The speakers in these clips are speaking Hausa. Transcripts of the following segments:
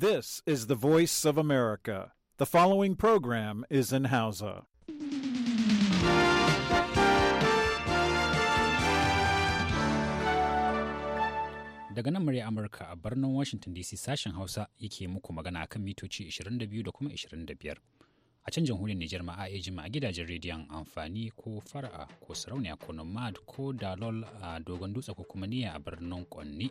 This is the voice of America. The following program is in Hausa. Daga nan murya Amurka a birnin Washington DC sashen Hausa yake muku magana kan mitoci 22 da kuma 25. A can jamhuriyar Nijar ma a jima a gidajen rediyon amfani ko fara'a ko sarauniya ko nomad ko dalol a dogon dutse ko kuma niyya a birnin Kwanni.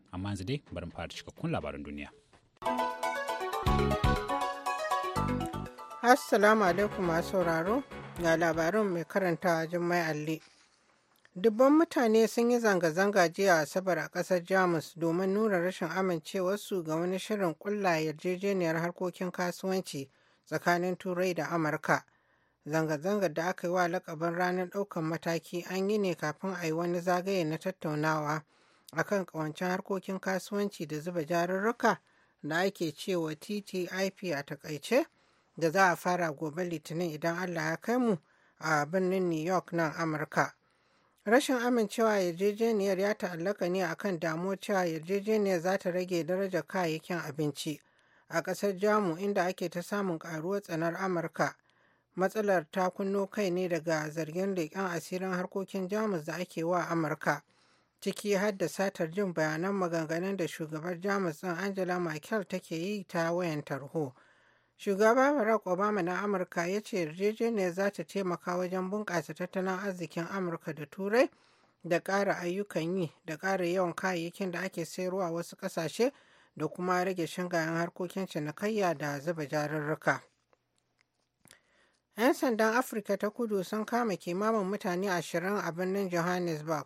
amma yanzu dai bari mu fara cikakkun labaran duniya assalamu alaikum masu sauraro ga labarin mai karanta jummai alli dubban mutane sun yi zanga-zanga jiya a asabar a ƙasar jamus domin nuna rashin amincewarsu ga wani shirin kulla yarjejeniyar harkokin kasuwanci tsakanin turai da amurka zanga zanga da aka yi wa lakabin ranar ɗaukar mataki an yi ne kafin a yi wani zagaye na tattaunawa akan kawancin harkokin kasuwanci da zuba jarurruka da ake cewa ttip a takaice da za a fara gobe litinin idan allah ya kai mu a birnin new york nan amurka rashin amincewa yarjejeniyar ya ta'allaka ne akan damuwar cewa yarjejeniyar za ta rage daraja kayayyakin abinci a ƙasar jamu inda ake ta samun ƙaruwar tsanar amurka matsalar ta kunno kai ne daga zargin leƙen asirin harkokin jamus da ake wa amurka ciki har da satar jin bayanan maganganun da shugabar jamus din angela merkel take yi ta wayan tarho shugaba barack obama na amurka ya ce yarjejeniyar za ta taimaka wajen bunƙasa tattalin arzikin amurka da turai da ƙara ayyukan yi da ƙara yawan kayayyakin da ake sayarwa a wasu ƙasashe da kuma rage shingayen harkokin cinikayya da zuba jarurruka. 'yan sandan afirka ta kudu sun kama kimamin mutane ashirin a birnin johannesburg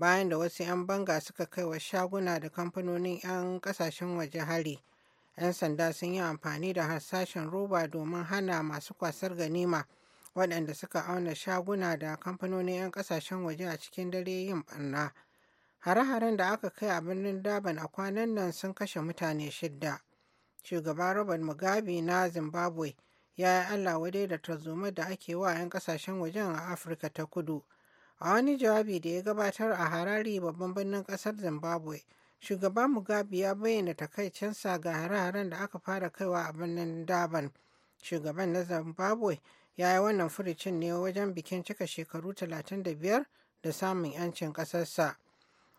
bayan da wasu 'yan banga suka kai wa shaguna da kamfanonin 'yan kasashen waje hari 'yan sanda sun yi amfani da hasashen roba domin hana masu kwasar ganima waɗanda suka auna shaguna da kamfanonin 'yan kasashen waje a cikin dare yin barna hare-haren da aka kai a birnin daban a kwanan nan sun kashe mutane shidda shugaba robert mugabe na zimbabwe ya yi allah wadai da tarzoma da ake wa 'yan kasashen wajen a afirka ta kudu a wani jawabi da ya gabatar a harari babban birnin kasar zimbabwe Shugaban mugabe ya bayyana takaicinsa ga hare-haren da aka fara kaiwa a birnin daban shugaban na zimbabwe ya yi wannan furucin ne wajen bikin cika shekaru 35 da samun 'yancin kasarsa.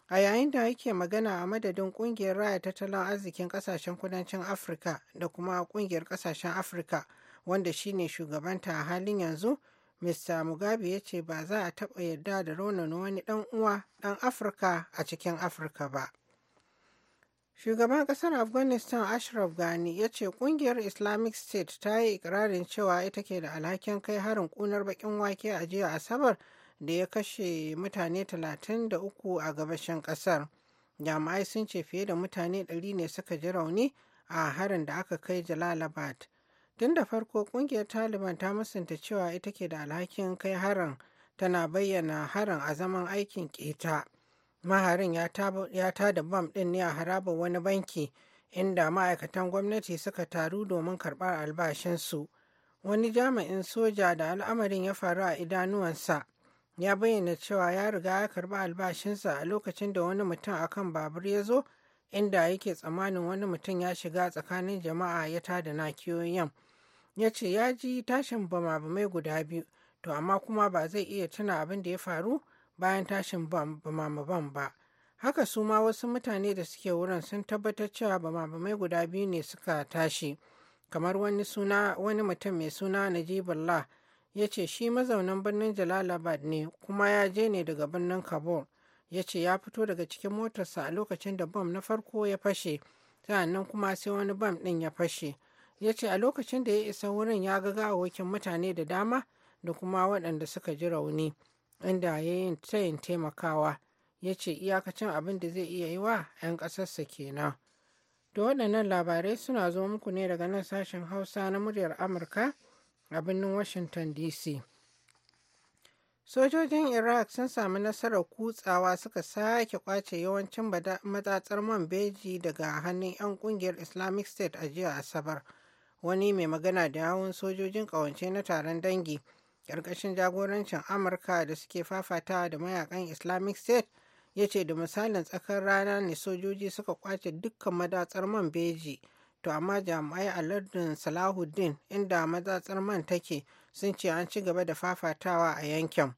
a yayin da yake magana a madadin kungiyar raya tattalin arzikin kasashen kudancin afirka da kuma kungiyar kasashen afirka wanda shine shugabanta a halin yanzu Mr. Mugabe ya ce ba za a taɓa yarda da raunin wani ɗan uwa ɗan Afirka a cikin Afirka ba. Shugaban ƙasar Afghanistan Ashraf Ghani ya ce ƙungiyar Islamic State ta yi ikirarin cewa ita ke da alhakin kai harin ƙunar baƙin wake a jiya Asabar da ya kashe mutane 33 a gabashin ƙasar. jama'ai sun ce fiye da mutane 100 ne suka ji rauni a harin da aka kai Jalalabad. Tun da farko kungiyar Taliban ta musanta cewa ita ke da alhakin kai harin tana bayyana harin a zaman aikin keta. Maharin ya ta da bam ɗin ne a harabar wani banki inda ma'aikatan gwamnati suka taru domin karɓar albashinsu. Wani jami'in soja da al'amarin ya faru a idanuwansa ya bayyana cewa ya riga ya karɓi albashinsa a lokacin da wani mutum akan babur ya zo inda yake tsammanin wani mutum ya shiga tsakanin jama'a ya tada nakiyoyin. ya ce ya ji tashin bama-bamai guda biyu to amma kuma ba zai iya tuna abin da ya faru bayan tashin bama-baman ba haka su ma wasu mutane da suke wurin sun tabbatar cewa bama-bamai guda biyu ne suka tashi kamar wani suna wani mutum mai suna najibullah ya ce shi mazaunin birnin jalalabad ne kuma ya je ne daga birnin kabul ya ce ya fito daga cikin motarsa a lokacin da bam na farko ya fashe sa'annan kuma sai wani bam ɗin ya fashe ya ce a lokacin da ya isa wurin ya ga gawawakin mutane da dama da kuma waɗanda suka ji rauni inda ya yi tayin taimakawa ya ce iyakacin abin da zai iya yi wa 'yan ƙasarsa kenan da waɗannan labarai suna zo muku ne daga nan sashen hausa na muryar amurka a birnin washington dc sojojin iraq sun sami nasarar kutsawa suka sake kwace yawancin matatsar man beji daga hannun 'yan kungiyar islamic state a jiya asabar. wani mai magana da yawun sojojin ƙawance na taron dangi ƙarƙashin jagorancin amurka da suke fafata da mayakan islamic state ya ce da misalin tsakar rana ne sojoji suka kwace dukkan madatsar man beji to amma jami'ai a lardin salahuddin inda madatsar man take sun ce an ci gaba da fafatawa a yankin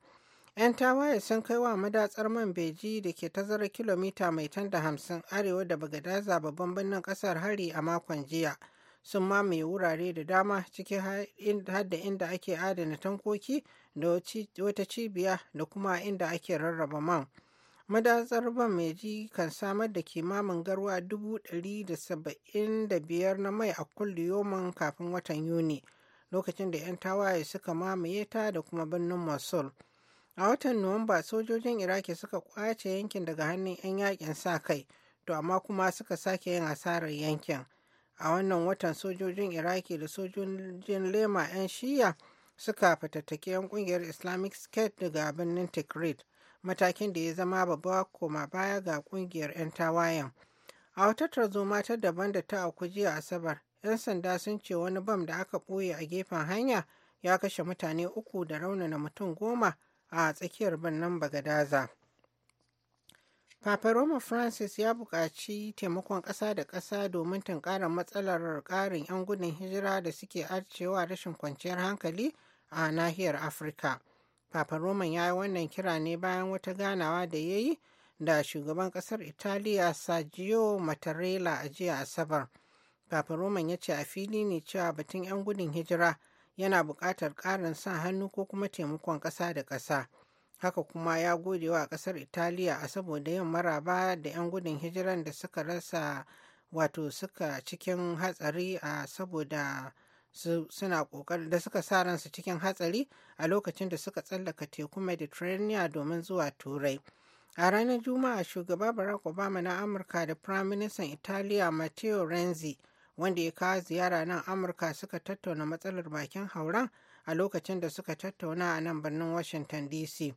'yan tawaye sun kai wa madatsar man beji da ke tazara kilomita mai da hamsin arewa da bagadaza babban birnin kasar hari a makon jiya sun mamaye wurare da dama cikin hadda inda ake adana tankoki da wata cibiya da kuma inda ake rarraba man. Madatsar ban meji kan samar da kimamin garwa 175 na mai a kulliyoman kafin watan Yuni, lokacin da 'yan tawaye suka mamaye ta da kuma birnin Mosul. A watan Nuwamba sojojin Iraki suka kwace yankin daga hannun 'yan yakin sa kai, to amma kuma suka sake yin asarar yankin. a wannan watan sojojin iraki da sojojin lema 'yan shiya suka fatattake 'yan kungiyar islamic state daga birnin tikrit matakin da ya zama babba koma baya ga kungiyar 'yan tawayen a wata tarzoma ta daban da ta auku jiya asabar 'yan sanda sun ce wani bam da aka ɓoye a gefen hanya ya kashe mutane uku da raunana mutum goma a tsakiyar birnin bagadaza Paparoma Roma Francis ya buƙaci taimakon ƙasa da ƙasa domin tunkarar matsalar ƙarin 'yan gudun hijira da suke arcewa rashin kwanciyar hankali a nahiyar Afirka. Papa Roman ya yi wannan kira ne bayan wata ganawa da ya yi da shugaban ƙasar Italiya Sergio Mattarella a jiya Asabar. Papa Roman ya ce a fili ne cewa batun 'yan gudun hijira yana buƙatar ƙarin sa hannu ko kuma taimakon ƙasa da ƙasa. haka kuma ya gode wa kasar italiya a saboda yin maraba da 'yan gudun hijiran da suka rasa wato suka cikin hatsari a saboda suna kokarin da suka sa ransu cikin hatsari a lokacin da suka tsallaka teku mediterranean domin zuwa turai a ranar juma'a shugaba barack obama na amurka da prime minister italiya matteo renzi wanda ya kawo ziyara nan amurka suka tattauna matsalar bakin hauran a lokacin da suka tattauna a nan birnin washington dc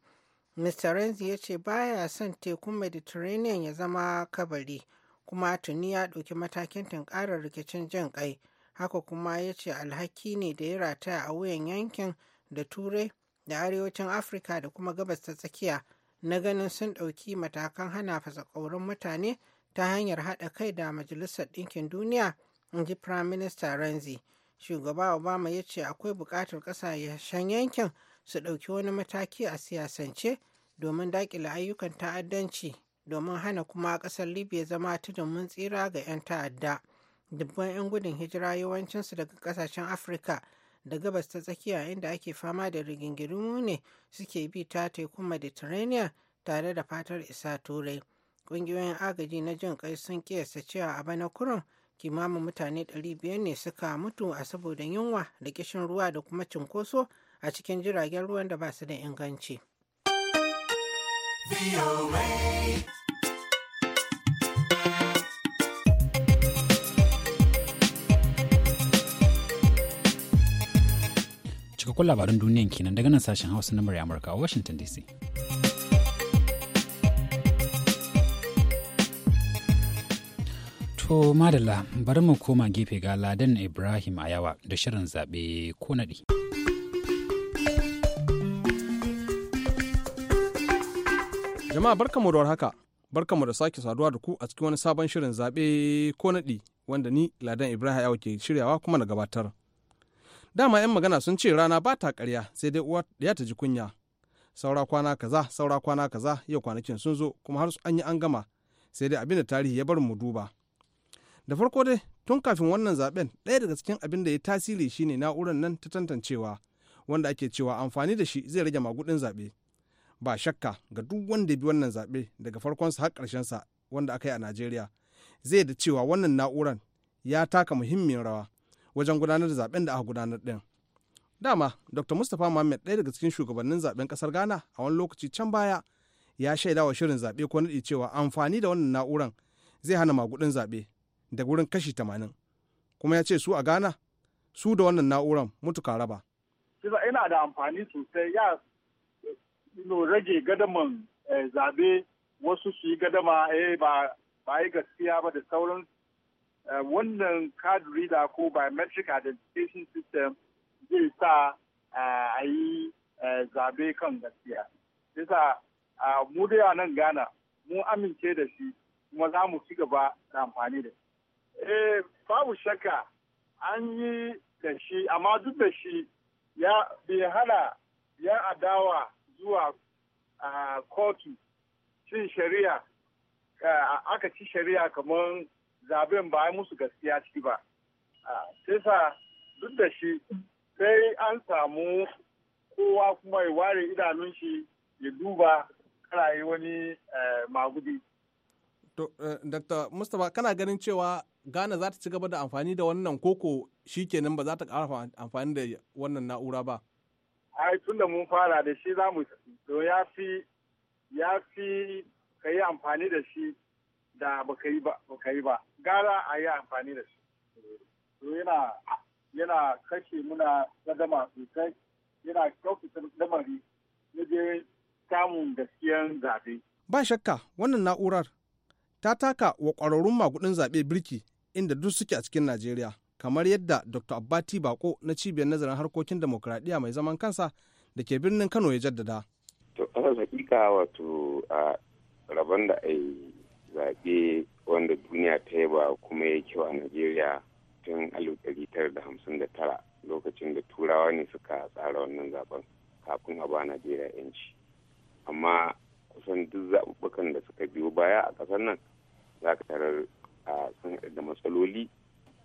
Mr. Renzi ya ce baya son tekun Mediterranean ya zama kabari, kuma tuni ya ɗauki matakin tunkarar rikicin jin ƙai. Haka kuma ya ce alhaki ne da ya rataya a wuyan yankin da Turai da Arewacin Afirka da kuma Gabas ta Tsakiya na ganin sun ɗauki matakan hana fasakaurin mutane ta hanyar haɗa kai da Majalisar Ɗinkin Duniya, in ji Prime Renzi. Shugaba Obama ya ce akwai buƙatar ƙasashen yankin su ɗauki wani mataki a siyasance domin daƙile ayyukan ta'addanci domin hana kuma ƙasar libya zama tudun mun tsira ga 'yan ta'adda dubban 'yan gudun hijira yawancinsu daga ƙasashen afirka da gabas ta tsakiya inda ake fama da rigingirimu ne suke bi ta tekun mediterranean tare da fatar isa turai ƙungiyoyin agaji na jin kai sun kiyasta cewa a bana kurun kimamin mutane 500 ne suka mutu a saboda yunwa da kishin ruwa da kuma cinkoso a cikin jiragen ruwan da ba su da inganci. cikakkun labarin duniyan kenan daga nan sashen hausa na murya amurka a washington dc to madalla bari mu koma gefe ga ladan ibrahim ayawa da shirin zaɓe ko naɗi. Jama'a mu da haka mu da sake saduwa da ku a cikin wani sabon shirin zaɓe ko naɗi wanda ni Ladan Ibrahim yawo ke shiryawa kuma na gabatar. Dama 'yan magana sun ce rana ba ta ƙarya sai dai uwa ya ta ji kunya. Saura kwana kaza, saura kwana kaza, yau kwanakin sun zo kuma har su an yi an gama sai dai abin da tarihi ya bar mu duba. Da farko dai tun kafin wannan zaben ɗaya daga cikin abin da ya tasiri shine na'urar nan ta tantancewa wanda ake cewa amfani da shi zai rage magudin zaɓe. ba shakka ga duk wanda bi wannan zaɓe daga farkonsa har ƙarshensa wanda aka yi a najeriya zai da cewa wannan na'uran ya taka muhimmin rawa wajen gudanar da zaɓen da aka gudanar ɗin dama dr mustapha muhammad ɗaya daga cikin shugabannin zaɓen ƙasar ghana a wani lokaci can baya ya shaida wa shirin zaɓe ko naɗi cewa amfani da wannan na'uran zai hana magudin zaɓe da wurin kashi tamanin kuma ya ce su a ghana su da wannan na'uran ka raba. ina da amfani sosai ya rage gadaman eh, zabe wasu su yi gadama eh ba ba yi gaskiya ba da sauran eh, wannan card reader ko biometric identification system zai sa eh, a yi zabe kan gaskiya a mu da nan gana mun amince da shi kuma za mu ci gaba da amfani da shi eh babu shakka an yi da shi amma duk da shi ya bai hana ya adawa zuwa kotu cin shari'a aka ci shari'a kamar zaben ba musu gaskiya ciki ba sai sa duk da shi sai an samu kowa kuma ya ware idanun shi ya duba kana yi wani e, magudi. E, Dr. Mustapha kana ganin cewa Ghana za ta ci gaba da amfani da wannan koko shi kenan ba za ta ƙara amfani da wannan na'ura ba? ai tun da mun fara da shi za mu to ya fi ya fi ka yi amfani da shi da baka yi ba gara a yi amfani da shi to yana kashe muna gadama sosai yana kyautata lamari na je samun gaskiyan zaɓe. ba shakka wannan na'urar ta taka wa ƙwararrun magudin zaɓe birki inda duk suke a cikin najeriya kamar yadda dr abbati bako na cibiyar nazarin harkokin demokuraɗiyya mai zaman kansa da ke birnin kano ya jaddada to kasar hakika wato a rabon da a yi zaɓe wanda duniya ta yi ba kuma ya kyau a najeriya tun tara lokacin da turawa ne suka tsara wannan zaben kafin a ba najeriya yanci amma kusan duk zaɓuɓɓukan da suka biyo baya a ƙasar nan za ka tarar a sun da matsaloli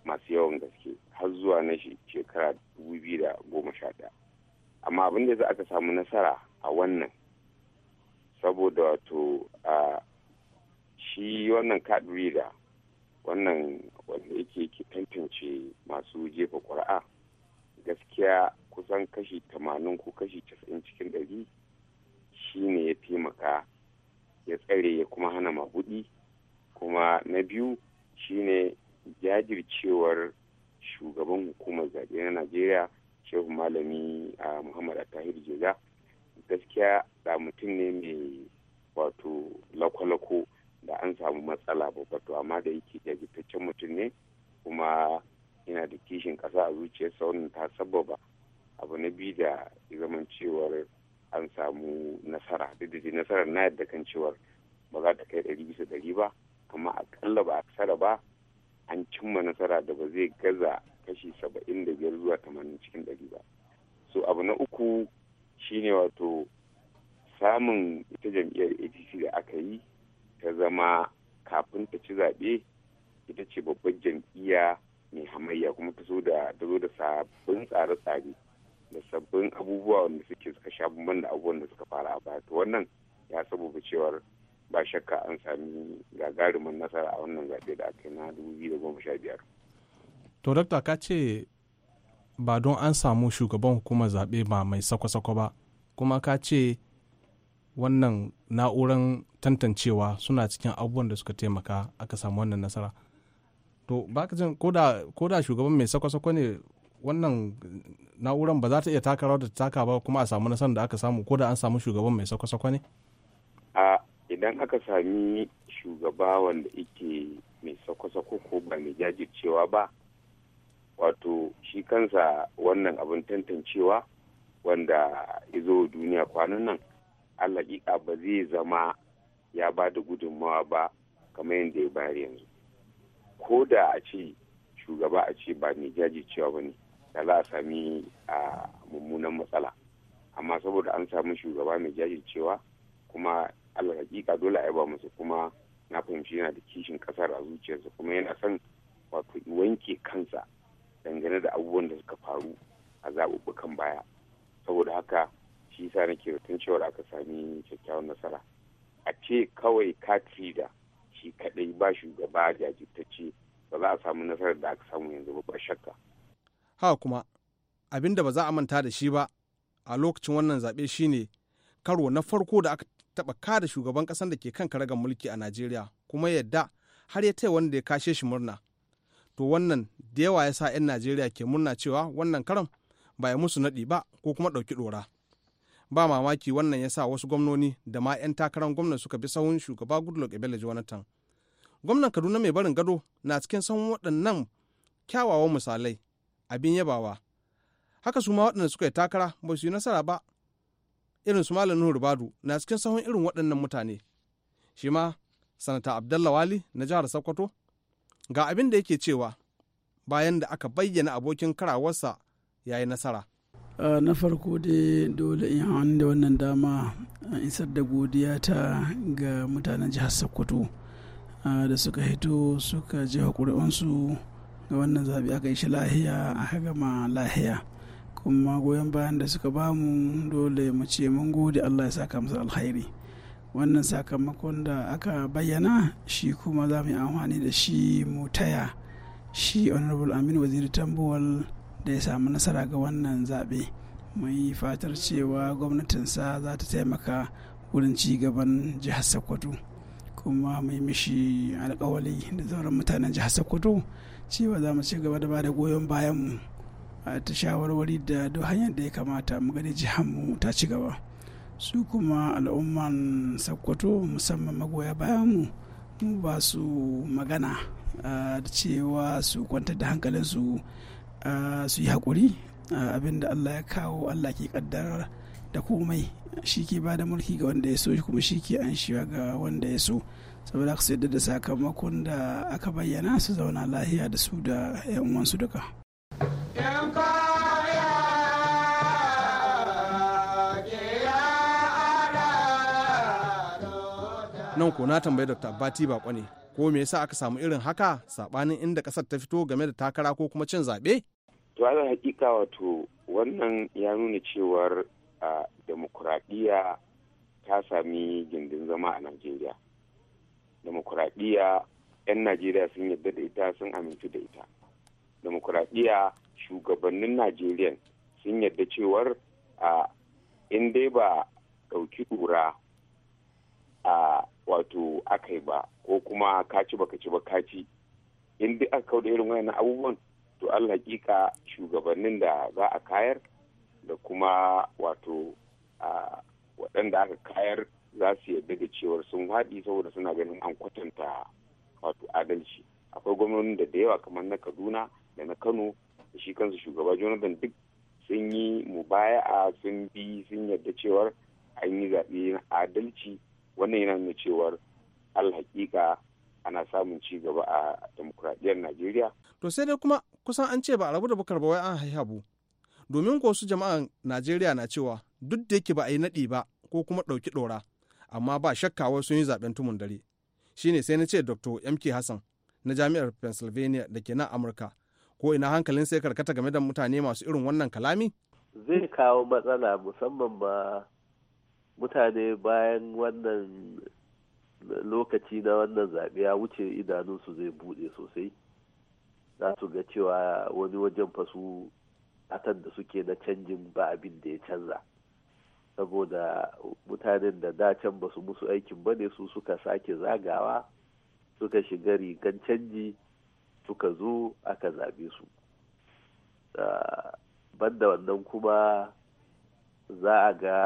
masu yawan gaske har zuwa na shekara da 2011 amma abin da za ka samu nasara a wannan saboda wato a shi wannan card reader wannan wanda yake ke tantance masu jefa ƙuri'a gaskiya kusan kashi 80 ko kashi 90 cikin 100 shi ne ya taimaka ya tsare ya kuma hana mabuɗi kuma na biyu shi ne. jajircewar shugaban hukumar zaɓe na najeriya shehu malami a muhammad atahir jega gaskiya da mutum ne mai wato lakwalako da an samu matsala babba to amma da yake jajirtaccen mutum ne kuma yana da kishin kasa a zuciyarsa wannan ta sababa abu na bi da zaman cewar an samu nasara duk da nasarar na yadda kan cewar ba za ta kai ɗari bisa ɗari ba amma akalla ba a ba an cimma nasara da ba zai gaza kashi saba'in da biyar zuwa tamanin cikin ɗari ba so abu na uku shine wato samun ita jam'iyyar apc da aka yi ta zama kafin ta ci zaɓe ita ce babbar jam'iyya mai hamayya kuma ta zo da ta da sabbin tsare-tsare da sabbin abubuwa wanda suke suka sha bamban da abubuwan da suka fara a baya to wannan ya saboda cewar ba shakka an sami gagarumin nasara a wannan zaɓe da aka yi na 2015 to dakta ka ce ba don an samu shugaban hukumar zaɓe ba mai sako-sako ba kuma ka ce wannan na'uran tantancewa suna cikin abubuwan da suka taimaka aka samu wannan nasara to ba ka jin ko da shugaban mai sako-sako ne wannan na'uran ba za ta iya taka rawar da ta taka ba kuma a samu nasarar da aka samu ko da an samu shugaban mai sako-sako ne idan aka sami shugaba wanda yake mai sako-sako ko ba mai jajircewa ba wato shi kansa wannan abin tantancewa wanda ya zo duniya kwanan nan allaƙiƙa ba zai zama ya ba da gudunmawa ba kamar yadda ya bayar yanzu ko da a ce shugaba a ce ba mai jajircewa ba ne da za a sami a mummunan matsala amma saboda an sami shugaba mai jajircewa kuma allah hakika dole a yaba musu kuma na fahimci yana da kishin kasar a zuciyarsa kuma yana son wato wanke kansa dangane da abubuwan da suka faru a zaɓuɓɓukan baya saboda haka shi sa nake batun cewar aka sami kyakkyawan nasara a ce kawai katrida shi kaɗai ba shugaba jajirtacce ba za a samu nasarar da aka samu yanzu ba shakka ha kuma abinda da ba za a manta da shi ba a lokacin wannan zaɓe shine karo na farko da aka taɓa da shugaban ƙasar da ke kan karagar mulki a Najeriya kuma yadda har ya taya wanda ya kashe shi murna. To wannan da yawa ya sa 'yan Najeriya ke murna cewa wannan karan ba ya musu naɗi ba ko kuma ɗauki ɗora. Ba mamaki wannan ya sa wasu gwamnoni da ma 'yan takarar gwamnan suka bi sahun shugaba Goodluck Ebele Jonathan. Gwamnan Kaduna mai barin gado na cikin sahun waɗannan kyawawan misalai abin yabawa. Haka su ma waɗanda suka yi takara ba su yi nasara ba irin su malam nuhu rubadu na cikin sahun irin waɗannan mutane shi ma sanata abdalla wali na jihar sokoto ga abin da yake cewa bayan da aka bayyana abokin karawarsa ya yi nasara na farko dai dole in hannu da wannan dama isar da godiya ta ga mutanen jihar sokoto da suka hito suka je hakuri'unsu ga wannan zaɓe aka yi shi lahiya aka gama lahiya kuma goyon bayan da suka bamu dole mu ce mun gode allah ya saka musu alkhairi wannan sakamakon da aka bayyana shi kuma za mu yi amfani da shi mu taya shi honorable aminu waziri tambuwal da ya samu nasara ga wannan zaɓe mai fatar cewa gwamnatinsa za ta taimaka wurin ci gaban jihar sokoto kuma mai mishi alkawali da zauren mutanen jihar sokoto cewa za mu ci gaba da ba da goyon bayan mu ta shawarwari da duk hanyar da ya kamata mu gani mu ta ci gaba su kuma al'umman sakkwato musamman magoya bayanmu mu ba su magana da cewa su kwantar da hankalinsu su yi haƙuri abinda allah ya kawo allah ke kaddar da komai shi ke ba da mulki ga wanda ya so kuma shi ke an shiwa ga wanda ya so saboda su sai da sakamakon da aka bayyana su zauna lahiya da su da 'yan uwansu duka. nan ko na tambayi dr abbati bako ne ko me yasa aka samu irin haka sabanin inda kasar ta fito game da takara ko kuma cin zaɓe? to ala hakika wato wannan ya nuna cewar a demokuraɗiyya ta sami gindin zama a najeriya demokuraɗiyya 'yan najeriya sun yadda da ita sun amintu da ita demokuraɗiyya shugabannin najeriya sun yadda cewar a in dai ba ɗauki ɗura a wato aka yi ba ko kuma kaci ci baka ci ba kaci ci in duk aka da irin wayannan abubuwan to allah hakika shugabannin da za a kayar da kuma wato waɗanda aka kayar za su yarda da cewar sun haɗi saboda suna ganin an kwatanta wato adalci akwai gwamnonin da da yawa kamar na kaduna da na kano da shi kansu shugaba jonathan duk sun yi mubaya'a sun bi sun yarda cewar an yi zaɓe na adalci wannan yana nuna cewar alhaƙiƙa ana samun ci gaba a demokuraɗiyyar najeriya to sai dai kuma kusan an ce ba a rabu da bakar ba wai an haihabu domin ko su jama'an najeriya na cewa duk da yake ba a yi naɗi ba ko kuma ɗauki ɗora amma ba shakka wai sun yi zaɓen tumun dare shine sai na ce dr mk hassan na jami'ar pennsylvania da ke nan amurka ko ina hankalin sai karkata game da mutane masu irin wannan kalami zai kawo matsala musamman ba. mutane bayan wannan lokaci na wannan zaɓe ya wuce idanunsu zai buɗe sosai za su ga cewa wani wajen fasu atan da suke na canjin ba abin da ya canza saboda mutanen da can ba su musu aikin ba ne su suka sake zagawa suka shiga rigan canji suka zo aka zaɓe su ah, banda wannan kuma za a ga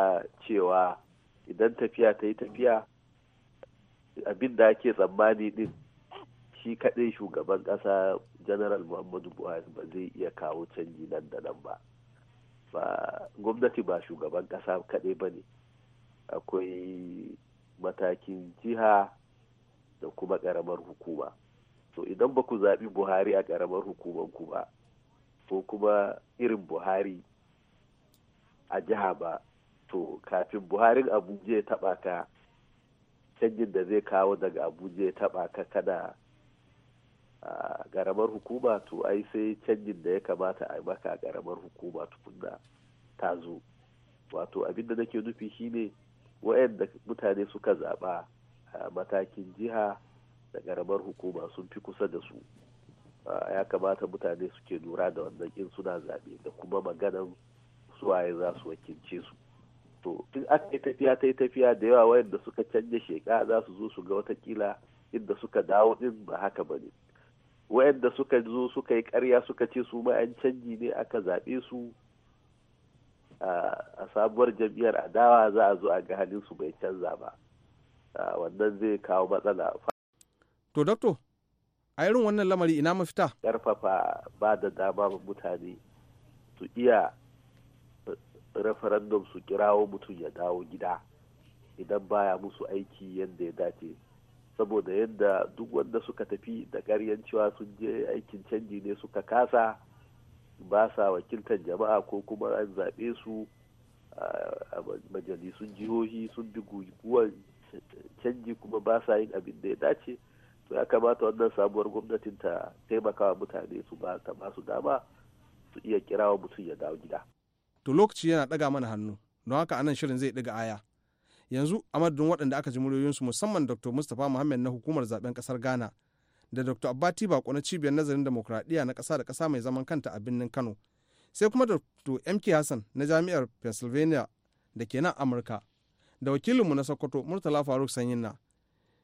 cewa idan tafiya ta yi tafiya abin da ake tsammani din shi kaɗai shugaban ƙasa general muhammadu buhari ba zai iya kawo canji nan da nan ba ba gwamnati ba shugaban ƙasa kaɗai ba ne akwai matakin jiha da kuma ƙaramar hukuma to idan ba ku zaɓi buhari a ƙaramar hukumanku ba ko kuma irin buhari a jiha ba to kafin buharin abuja ya taɓa ka canjin da zai kawo daga abuja ya taɓa ka kada a ƙaramar hukuma to ai sai canjin da ya kamata a maka a ƙaramar hukuma tukunna ta zo wato abinda nake nufi shine wayanda mutane suka zaɓa matakin jiha da ƙaramar hukuma sun fi kusa da su ya kamata mutane suke lura da wannan in suna zaɓe da kuma maganan suwaye za su wakilce su to in aka yi tafiya ta yi tafiya da yawa wayanda suka canja sheka za su zo su ga watakila inda suka dawo din ba haka ba ne wayanda suka zo suka yi karya suka ce su ma an canji ne aka zaɓe su a sabuwar jam'iyyar adawa za a zo a ga halin su bai canza ba wannan zai kawo matsala to doctor a irin wannan lamari ina mafita ƙarfafa ba da dama mutane su iya referendum su kirawo mutum ya dawo gida idan baya musu aiki yadda ya dace saboda yadda duk wanda suka tafi da karyan cewa sun je aikin canji ne suka kasa ba sa wakiltar jama'a ko kuma an zaɓe su a majalisun jihohi sun bi guguwar canji kuma ba sa yin abin da ya dace to ya kamata wannan sabuwar gwamnatin ta taimakawa mutane su ba ta masu dama su iya kirawa mutum ya dawo gida. to lokaci yana ɗaga mana hannu don haka anan shirin zai ɗiga aya yanzu a madadin waɗanda aka ji muryoyinsu musamman dr mustapha muhammad na hukumar zaben ƙasar ghana da dr abbati bako na cibiyar nazarin demokuraɗiyya na ƙasa da ƙasa mai zaman kanta a birnin kano sai kuma dr mk hassan na jami'ar pennsylvania da ke nan amurka da wakilinmu na sokoto murtala faruk sanyinna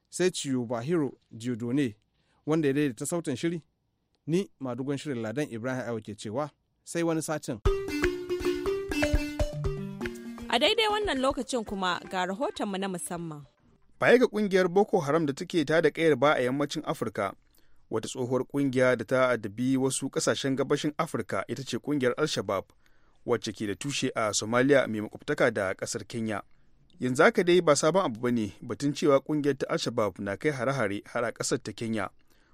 sai ciyo bahiro jiodone wanda ya daidaita sautin shiri ni madugon shirin ladan ibrahim aiwa ke cewa sai wani satin. A daidai wannan lokacin kuma ga rahoton rahotonmu na musamman. Baya ga kungiyar Boko Haram da take tada kayar ba a yammacin Afirka, wata tsohuwar kungiya da ta addabi wasu kasashen gabashin Afirka ita ce kungiyar alshabab shabaab wacce ke da tushe a Somalia mai makwabtaka da kasar Kenya. Yanzu haka dai ba sabon abu bane batun cewa kungiyar ta alshabab na kai hare-hare har a kasar ta Kenya,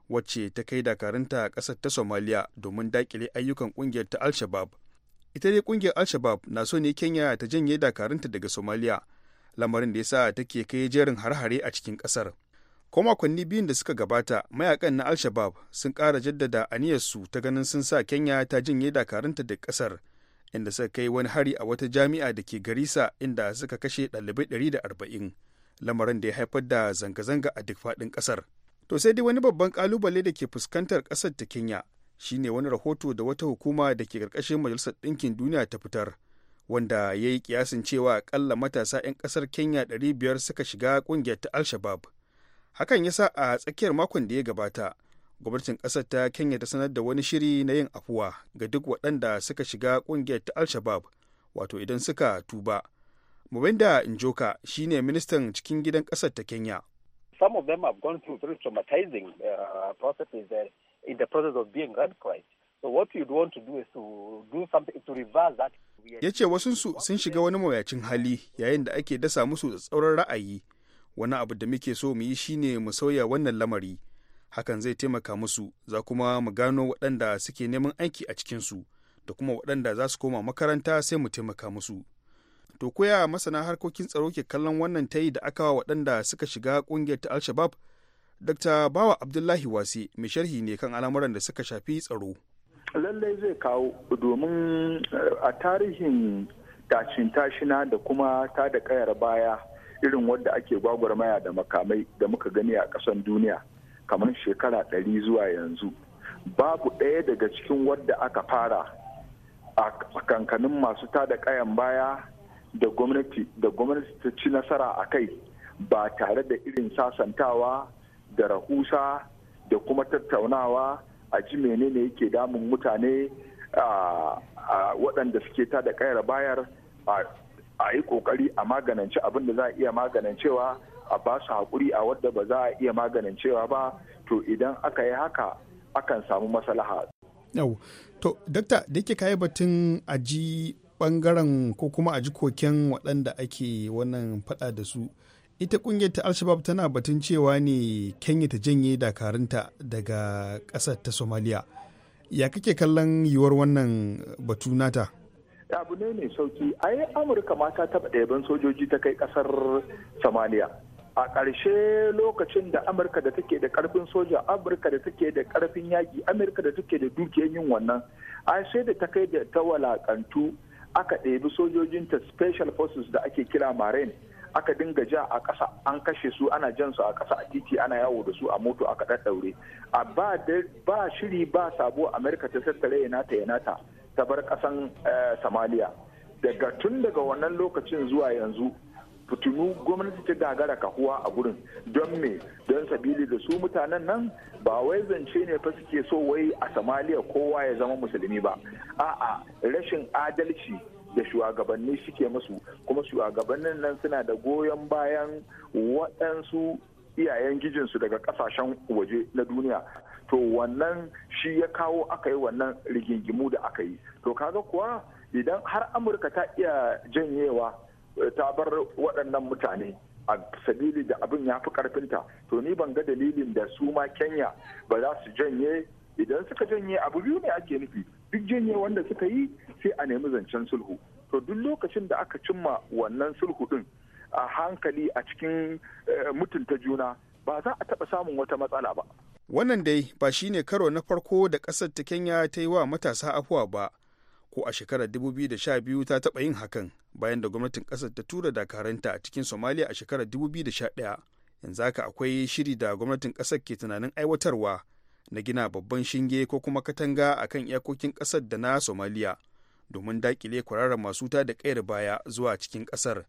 wacce ta kai dakarunta kasar ta Somalia domin dakile ayyukan kungiyar ta al ita dai kungiyar al-shabab na so ne kenya ta janye dakarunta daga somalia lamarin da ya sa take kai jerin har-hare a cikin kasar ko makonni biyun da suka gabata mayakan na al-shabab sun kara jaddada aniyar su ta ganin sun sa kenya ta janye dakarunta daga kasar inda suka kai wani hari a wata jami'a da ke garisa inda suka kashe ɗalibai arba'in lamarin da ya haifar da zanga-zanga a duk faɗin kasar to sai dai wani babban kalubale da ke fuskantar kasar ta kenya shine wani rahoto da wata hukuma da ke ƙarƙashin majalisar ɗinkin duniya ta fitar wanda ya yi kiyasin cewa akalla matasa 'yan ƙasar kenya 500 suka shiga ƙungiyar ta alshabab hakan ya sa a tsakiyar makon da ya gabata gwamnatin ƙasar ta kenya ta sanar da wani shiri na yin afuwa ga duk waɗanda suka shiga ƙungiyar ta alshabab wato idan suka tuba mubinda njoka shine ministan cikin gidan ƙasar ta kenya some of them have gone in the process of being radicalized. So what you'd want to do is to do something to reverse that. Ya ce wasunsu sun shiga wani mawuyacin hali yayin da ake dasa musu da tsauran ra'ayi. Wani abu da muke so mu yi shine mu sauya wannan lamari. Hakan zai taimaka musu, za kuma mu gano waɗanda suke neman aiki a cikinsu da kuma waɗanda za su koma makaranta sai mu taimaka musu. To koya masana harkokin tsaro ke kallon wannan tayi da aka wa waɗanda suka shiga ƙungiyar ta Al-Shabab Dr. Bawa Abdullahi Wasi mai sharhi ne kan al'amuran da suka shafi tsaro. Lallai zai kawo domin eh, a tarihin tashin tashina da kuma ta da kayar baya irin wadda ake gwagwarmaya da makamai da muka gani a ƙasan duniya kamar shekara ɗari zuwa yanzu. Babu ɗaya daga cikin wadda aka fara a kankanin masu tada kayan baya da gwamnati ta ci nasara a kai ba tare da irin sasantawa da rahusa da kuma tattaunawa a ji menene yake damun mutane a waɗanda suke ta da kayar bayar a yi kokari a maganance abin da za a iya maganancewa a ba su haƙuri a wadda ba za a iya maganancewa ba to idan aka yi haka akan samu maslaha. yau to dakta da yake kayi batun a ji bangaren ko kuma a ji koken waɗanda ake wannan faɗa da su ita kungiyar ta alshabab tana batun cewa ne kenya ta janye dakarunta daga ƙasar ta somaliya ya kake kallon yiwuwar wannan batu nata abu ne mai sauki ai amurka ma ta taɓa ɗaban sojoji ta kai ƙasar somaliya a ƙarshe lokacin da amurka da take da ƙarfin soja amurka da take da ƙarfin yaƙi amurka da take da dukiyar yin wannan ai sai da ta kai da ta walakantu aka ɗebi sojojinta special forces da ake kira marine aka dinga ja a ƙasa an kashe su ana jan su a ƙasa a titi ana yawo da su a moto aka ɗaɗɗaure a ba shiri ba sabo amerika ta tattare yanata ta yana ta ta bar ƙasan eh, samaliya daga tun daga wannan lokacin zuwa yanzu fitinu gwamnati ta gagara kahuwa a gurin don me don sabili da su mutanen nan ba wai zance ne fa suke so wai a samaliya kowa ya zama musulmi ba a'a rashin adalci da shugabanni suke musu kuma shugabannin nan suna da goyon bayan waɗansu iyayen gijinsu daga ƙasashen waje na duniya to wannan shi ya kawo aka yi wannan rigingimu da aka yi to kaga kuwa idan har amurka ta iya janyewa eh, ta bar waɗannan mutane a sabili da abin ya fi karfinta to ni ban ga dalilin da su ma kenya ba za su janye idan suka janye abu biyu ne ake nufi duk janye wanda suka yi sai a nemi zancen sulhu to duk lokacin da aka cimma wannan sulhu din a hankali a cikin eh, mutunta juna ba za a taɓa samun wata matsala ba wannan dai ba shine karo na farko da ƙasar ta kenya ta yi wa matasa afuwa ba ko a shekarar 2012 ta taɓa yin hakan bayan da gwamnatin ƙasar ta tura dakaranta a cikin somalia a shekarar 2011 yanzu haka akwai shiri da gwamnatin ƙasar ke tunanin aiwatarwa na gina babban shinge ko kuma katanga a kan iyakokin ƙasar da na somaliya domin dakile kwararren masu ta da kayar baya zuwa cikin ƙasar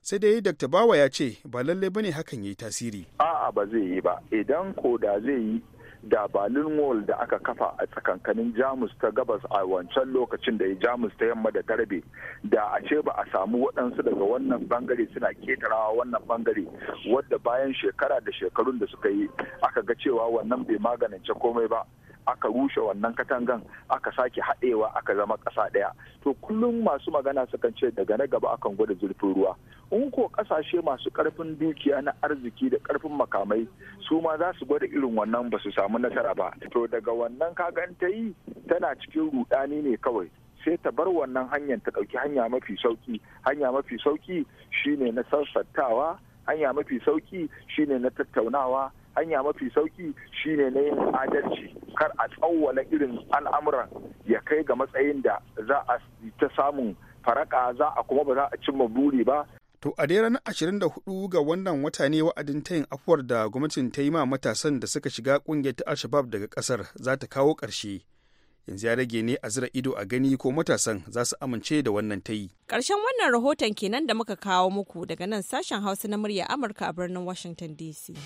sai dai dr bawa ya ce ba lallai ne hakan ya yi tasiri a'a ba zai yi ba idan ko da zai yi da berlin wall da aka kafa a tsakankanin jamus ta gabas a wancan lokacin da ya jamus ta yamma da tarbe da a ce ba a samu waɗansu daga wannan bangare suna ketarawa wannan bangare wadda bayan shekara da shekarun da suka yi aka ga cewa wannan bai maganance komai ba aka rushe wannan katangan aka sake haɗewa aka zama ƙasa ɗaya to kullum masu magana sukan ce daga na gaba akan gwada zurfin ruwa in ko ƙasashe masu ƙarfin dukiya na arziki da ƙarfin makamai su ma za su gwada irin wannan ba su samu nasara ba to daga wannan kagan ta yi tana cikin rudani ne kawai sai ta bar wannan hanyar ta ɗauki hanya mafi sauki hanya mafi sauki shine na sassattawa hanya mafi sauki shine na tattaunawa hanya mafi sauki shine na yin adalci kar a tsawwala irin al'amuran ya kai ga matsayin da za a ta samun faraka za a kuma ba za a cimma buri ba To a dai ranar 24 ga wannan wata ne wa'adin tayin afuwar da gwamnatin ta yi ma matasan da suka shiga kungiyar ta Alshabab daga kasar za ta kawo ƙarshe. Yanzu ya rage ne a zira ido a gani ko matasan za su amince da wannan ta yi. karshen wannan rahoton kenan da muka kawo muku daga nan sashen Hausa na murya Amurka a birnin Washington DC.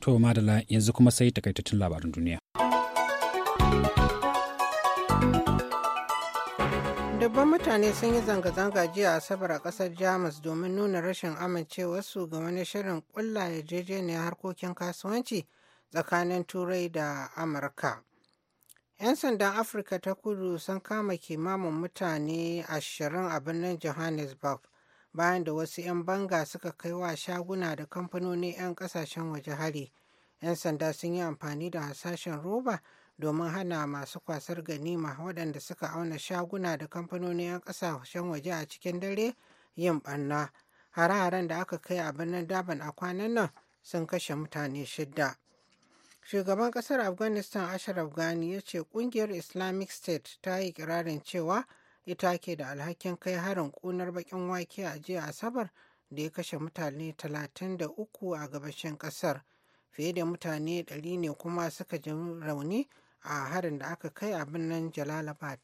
To madala yanzu kuma sai takaitattun labarin duniya. Dabban mutane sun yi zanga-zanga jiya a sabar a ƙasar Jamus domin nuna rashin amincewarsu ga wani shirin ƙulla ne harkokin kasuwanci tsakanin Turai da Amurka. 'Yan sandan Afirka ta kudu sun kama kimamin mutane ashirin a birnin Johannesburg. bayan da wasu 'yan banga suka kai wa shaguna da kamfanoni 'yan kasashen waje hari 'yan sanda sun yi amfani da hasashen roba domin hana masu kwasar ganima waɗanda suka auna shaguna da kamfanoni 'yan kasashen waje a cikin dare yin ɓanna hare-haren da aka kai a birnin daban a kwanan nan sun kashe mutane shidda shugaban kasar afghanistan ashraf ghani ya ce kungiyar islamic state ta yi kirarin cewa ita ke da alhakin kai harin kunar bakin wake a jiya asabar da ya kashe mutane 33 a gabashin kasar fiye da mutane 100 ne kuma suka ji rauni a harin da aka kai a birnin jalalabad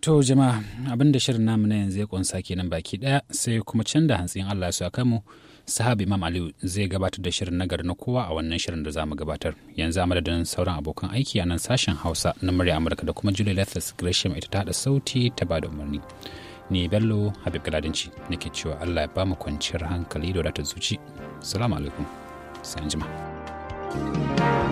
To jama'a abin shirin namu na yanzu ya kunsa kenan baki daya sai kuma can da hantsin Allah su aka mu sahabi imam aliyu zai gabatar da shirin nagari na kowa a wannan shirin da za mu gabatar yanzu a madadin sauran abokan aiki a nan sashen hausa na murya amurka da kuma julie lethis gresham ita ta haɗa sauti ta ba da umarni ni bello habib galadinci nake cewa allah ya ba mu kwanciyar hankali da wadatar zuci salamu alaikum sai anjima thank you